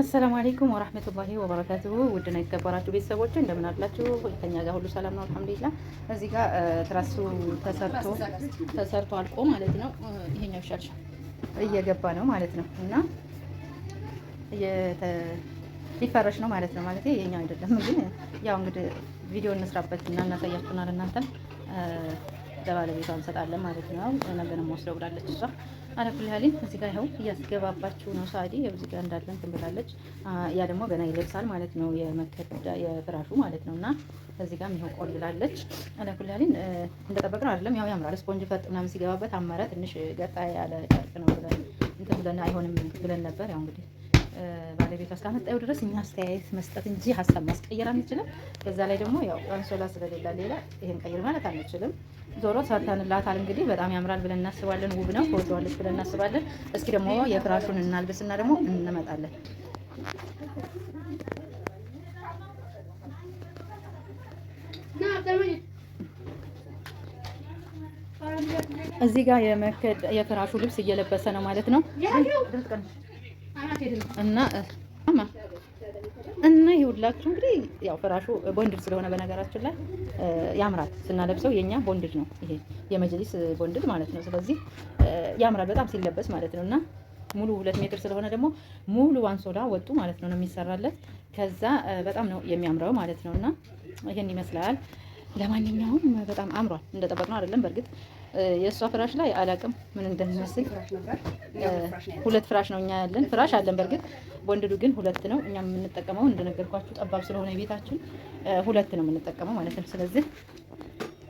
አሰላሙ አለይኩም ወራህመቱላሂ ወበረካቱሁ ውድና የተከበራችሁ ቤተሰቦች እንደምን አላችሁ? ከኛ ጋር ሁሉ ሰላም ነው፣ አልሐምዱሊላህ። እዚህ ጋር ትራሱ ተሰርቶ ተሰርቶ አልቆ ማለት ነው። ይሄኛው ሻልሻ እየገባ ነው ማለት ነው እና ሊፈረሽ ነው ማለት ነው። ማለት የኛው አይደለም ግን ያው እንግዲህ ቪዲዮ እንስራበት እና እናሳያችሁናል እናንተም ለባለቤቷ እንሰጣለን ማለት ነው። ነገ ነው የምወስደው ብላለች እሷ አረኩል ያህልን እዚህ ጋር ይኸው እያስገባባችሁ ነው ሳዲ ያው እዚህ ጋር እንዳለን ትንብላለች። ያ ደግሞ ገና ይለብሳል ማለት ነው የመከዳ የፍራሹ ማለት ነው። እና እዚህ ጋር ይኸው ቆልላለች። ያህልን እንደጠበቅ ነው አይደለም። ያው ያምራል። ስፖንጅ ፈጥ ምናምን ሲገባበት አመረ። ትንሽ ገጣ ያለ ጨርቅ ነው ብለን እንትን ብለን አይሆንም ብለን ነበር። ያው እንግዲህ ባለቤቷ እስካመጣው ድረስ እኛ አስተያየት መስጠት እንጂ ሀሳብ ማስቀየር አንችልም። በዛ ላይ ደግሞ ያው አንሶላ ስለሌላ ሌላ ይሄን ቀይር ማለት አንችልም። ዞሮ ሰርተንላታል። እንግዲህ በጣም ያምራል ብለን እናስባለን። ውብ ነው፣ ትወደዋለች ብለን እናስባለን። እስኪ ደግሞ የፍራሹን እናልብስና ደግሞ እንመጣለን። እዚህ ጋር የፍራሹ ልብስ እየለበሰ ነው ማለት ነው። እና እና ሁላችሁ እንግዲህ ያው ፍራሹ ቦንድድ ስለሆነ በነገራችን ላይ ያምራል ስናለብሰው፣ የኛ ቦንድድ ነው ይሄ የመጅሊስ ቦንድድ ማለት ነው። ስለዚህ ያምራል በጣም ሲለበስ ማለት ነው። እና ሙሉ ሁለት ሜትር ስለሆነ ደግሞ ሙሉ አንሶላ ወጡ ማለት ነው ነው የሚሰራለት። ከዛ በጣም ነው የሚያምረው ማለት ነው። እና ይሄን ይመስላል። ለማንኛውም በጣም አምሯል። እንደጠበቅነው አይደለም በእርግጥ የእሷ ፍራሽ ላይ አላቅም ምን እንደሚመስል። ሁለት ፍራሽ ነው እኛ ያለን። ፍራሽ አለን በእርግጥ ወንድዱ ግን ሁለት ነው። እኛ የምንጠቀመው እንደነገርኳችሁ ጠባብ ስለሆነ ቤታችን ሁለት ነው የምንጠቀመው ማለት ነው። ስለዚህ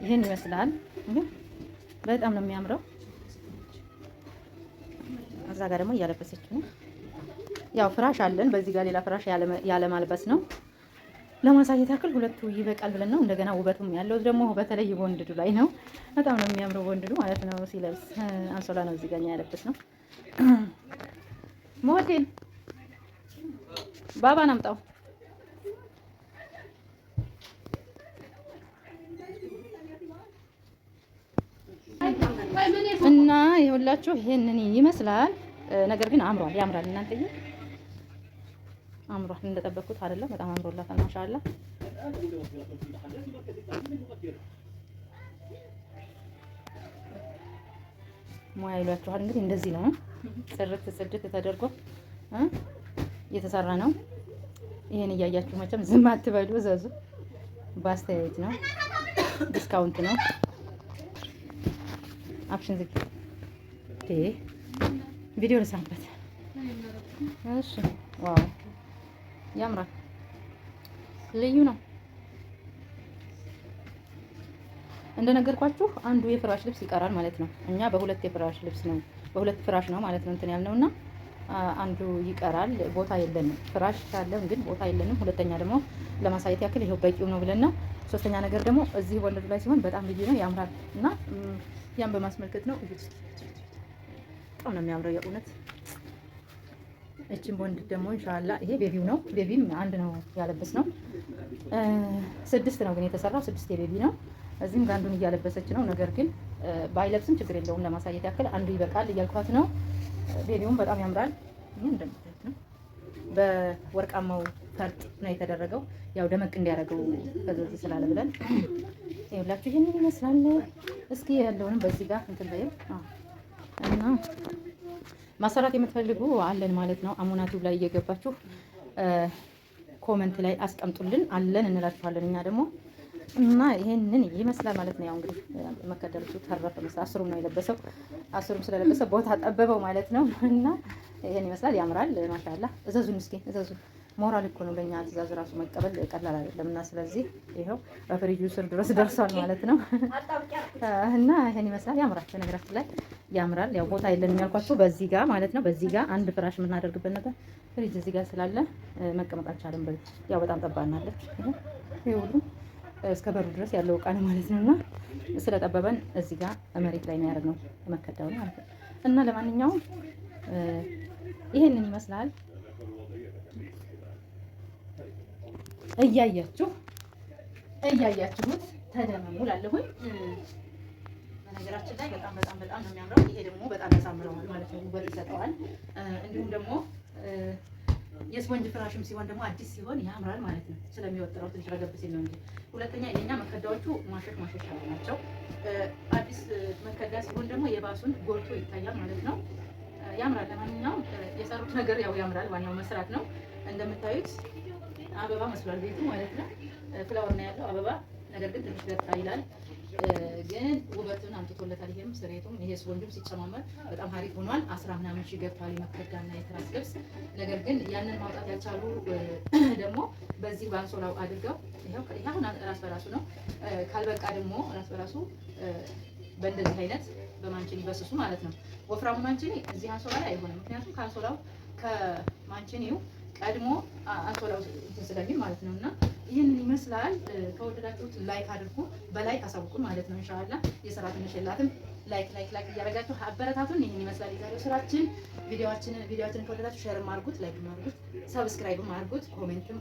ይህን ይመስላል። በጣም ነው የሚያምረው። እዛ ጋር ደግሞ እያለበሰች ነው። ያው ፍራሽ አለን። በዚህ ጋር ሌላ ፍራሽ ያለ ማልበስ ነው። ለማሳየት ያክል ሁለቱ ይበቃል ብለን ነው። እንደገና ውበቱም ያለው ደግሞ በተለይ ወንድዱ ላይ ነው። በጣም ነው የሚያምረው ወንድዱ ማለት ነው። ሲለብስ አንሶላ ነው እዚህ ጋር ነው። ሞቴን ባባ ናምጣው እና የሁላችሁ ይሄንን ይመስላል። ነገር ግን አምሯል፣ ያምራል እናንተ አምሯል። እንደጠበቅኩት አይደለም። በጣም አምሮላታል። ማሻአላ ሙያ ይሏችኋል እንግዲህ እንደዚህ ነው። ጽርት ጽድት ተደርጎ እየተሰራ ነው። ይሄን እያያችሁ መቼም ዝም አትበሉ፣ እዘዙ። በአስተያየት ነው፣ ዲስካውንት ነው። አክሽን ዝግ ቪዲዮ ልሳበት። እሺ ዋው ያምራል፣ ልዩ ነው። እንደነገርኳችሁ አንዱ የፍራሽ ልብስ ይቀራል ማለት ነው። እኛ በሁለት የፍራሽ ልብስ ነው በሁለት ፍራሽ ነው ማለት ነው እንትን ያልነውና አንዱ ይቀራል። ቦታ የለንም። ፍራሽ ካለም ግን ቦታ የለንም። ሁለተኛ ደግሞ ለማሳየት ያክል ይሄው በቂው ነው ብለን ነው። ሶስተኛ ነገር ደግሞ እዚህ ወለሉ ላይ ሲሆን በጣም ልዩ ነው፣ ያምራል እና ያን በማስመልከት ነው። በጣም ነው የሚያምረው የእውነት እችን ቦንድ ደግሞ እንሻላ ይሄ ቤቢው ነው። ቤቢም አንድ ነው ያለበስ ነው። ስድስት ነው ግን የተሰራው ስድስት የቤቢ ነው። እዚህም ጋር አንዱን እያለበሰች ነው። ነገር ግን ባይለብስም ችግር የለውም። ለማሳየት ያክል አንዱ ይበቃል እያልኳት ነው። ቤቢውም በጣም ያምራል። ይህ እንደምታዩት ነው። በወርቃማው ፈርጥ ነው የተደረገው። ያው ደመቅ እንዲያደርገው ፈዘዝ ስላለ ብለን ይኸውላችሁ ይህንን ይመስላል። እስኪ ያለውንም በዚህ ጋር እንትን በይው እና ማሰራት የምትፈልጉ አለን ማለት ነው። አሞና ላይ እየገባችሁ ኮመንት ላይ አስቀምጡልን፣ አለን እንላችኋለን። እኛ ደግሞ እና ይሄንን ይመስላል ማለት ነው። ያው እንግዲህ መከደርቱ ተረፈ መስላ አስሩም ነው የለበሰው። አስሩም ስለለበሰ ቦታ ጠበበው ማለት ነው። እና ይሄን ይመስላል። ያምራል። ማሻአላ እዘዙን እስኪ እዘዙን። ሞራል እኮ ነው ለእኛ ትእዛዝ ራሱ መቀበል ቀላል አይደለም። እና ስለዚህ ይኸው በፍሪጁ ስር ድረስ ደርሷል ማለት ነው። እና ይሄን ይመስላል። ያምራል፣ በነገራችን ላይ ያምራል። ያው ቦታ የለንም ያልኳችሁ በዚህ ጋር ማለት ነው። በዚህ ጋር አንድ ፍራሽ የምናደርግበት ነበር። ፍሪጅ እዚህ ጋር ስላለ መቀመጥ አልቻለም። ያው በጣም ጠባናለች። ይሄ ሁሉ እስከ በሩ ድረስ ያለው እቃ ነው ማለት ነው። እና ስለጠበበን እዚህ ጋር መሬት ላይ ነው ያደረግነው መከዳውን ማለት ነው። እና ለማንኛውም ይሄንን ይመስላል። እያያችሁ እያያችሁት ተደመሙ ላለሁኝ በነገራችን ላይ በጣም በጣም በጣም ነው የሚያምረው። ይሄ ደግሞ በጣም ያሳምረዋል ማለት ነው፣ ውበት ይሰጠዋል። እንዲሁም ደግሞ የስፖንጅ ፍራሽም ሲሆን ደግሞ አዲስ ሲሆን ያምራል ማለት ነው። ስለሚወጥረው ትንሽ ረገብ ሲል ነው እንጂ። ሁለተኛ የኛ መከዳዎቹ ማሸት ማሸት ያሉ ናቸው። አዲስ መከዳ ሲሆን ደግሞ የባሱን ጎልቶ ይታያል ማለት ነው። ያምራል። ለማንኛውም የሰሩት ነገር ያው ያምራል። ዋናው መስራት ነው እንደምታዩት አበባ መስሏል ቤቱ ማለት ነው። ፍላወር ነው ያለው አበባ ነገር ግን ትንሽ ገጣ ይላል። ግን ውበቱን አምጥቶለታል። ይሄም ስሬቱም ይሄ ስወንጁም ሲጨማመር በጣም ሀሪፍ ሆኗል። አስራ ምናምን ሺህ ገብቷል የመከዳና የትራስ ልብስ። ነገር ግን ያንን ማውጣት ያልቻሉ ደግሞ በዚህ በአንሶላው አድርገው ይሁን ራስ በራሱ ነው። ካልበቃ ደግሞ ራስ በራሱ በእንደዚህ አይነት በማንችኒ በስሱ ማለት ነው። ወፍራሙ ማንችኒ እዚህ አንሶላ ላይ አይሆንም። ምክንያቱም ከአንሶላው ከማንችኒው ቀድሞ አንሶላው እንትን ማለት ነው። እና ይህንን ይመስላል። ከወደዳችሁት ላይክ አድርጉ፣ በላይክ አሳውቁ ማለት ነው። ኢንሻአላ የስራ ትንሽ የላትም። ላይክ ላይክ ላይክ እያደረጋችሁ አበረታቱን። ይህን ይመስላል የዛሬው ስራችን። ቪዲዮአችንን ቪዲዮአችንን ከወደዳችሁ ሼርም አድርጉት፣ ላይክም አድርጉት፣ ሰብስክራይብም አድርጉት፣ ኮሜንትም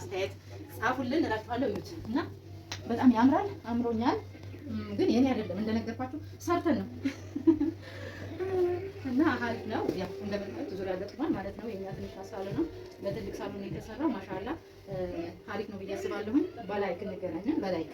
አስተያየት ጻፉልን እላችኋለሁ። እዩት እና በጣም ያምራል፣ አምሮኛል። ግን የኔ አይደለም እንደነገርኳችሁ ሰርተን ነው አሪፍ ነው። ያው እንደምታዩት ዙሪያ ገጥሟል ማለት ነው። የኛ ትንሽ ሳሎን ነው፣ በትልቅ ሳሎን የተሰራ ማሻላ አሪፍ ነው ብዬ አስባለሁኝ። በላይክ እንገናኛለን። በላይክ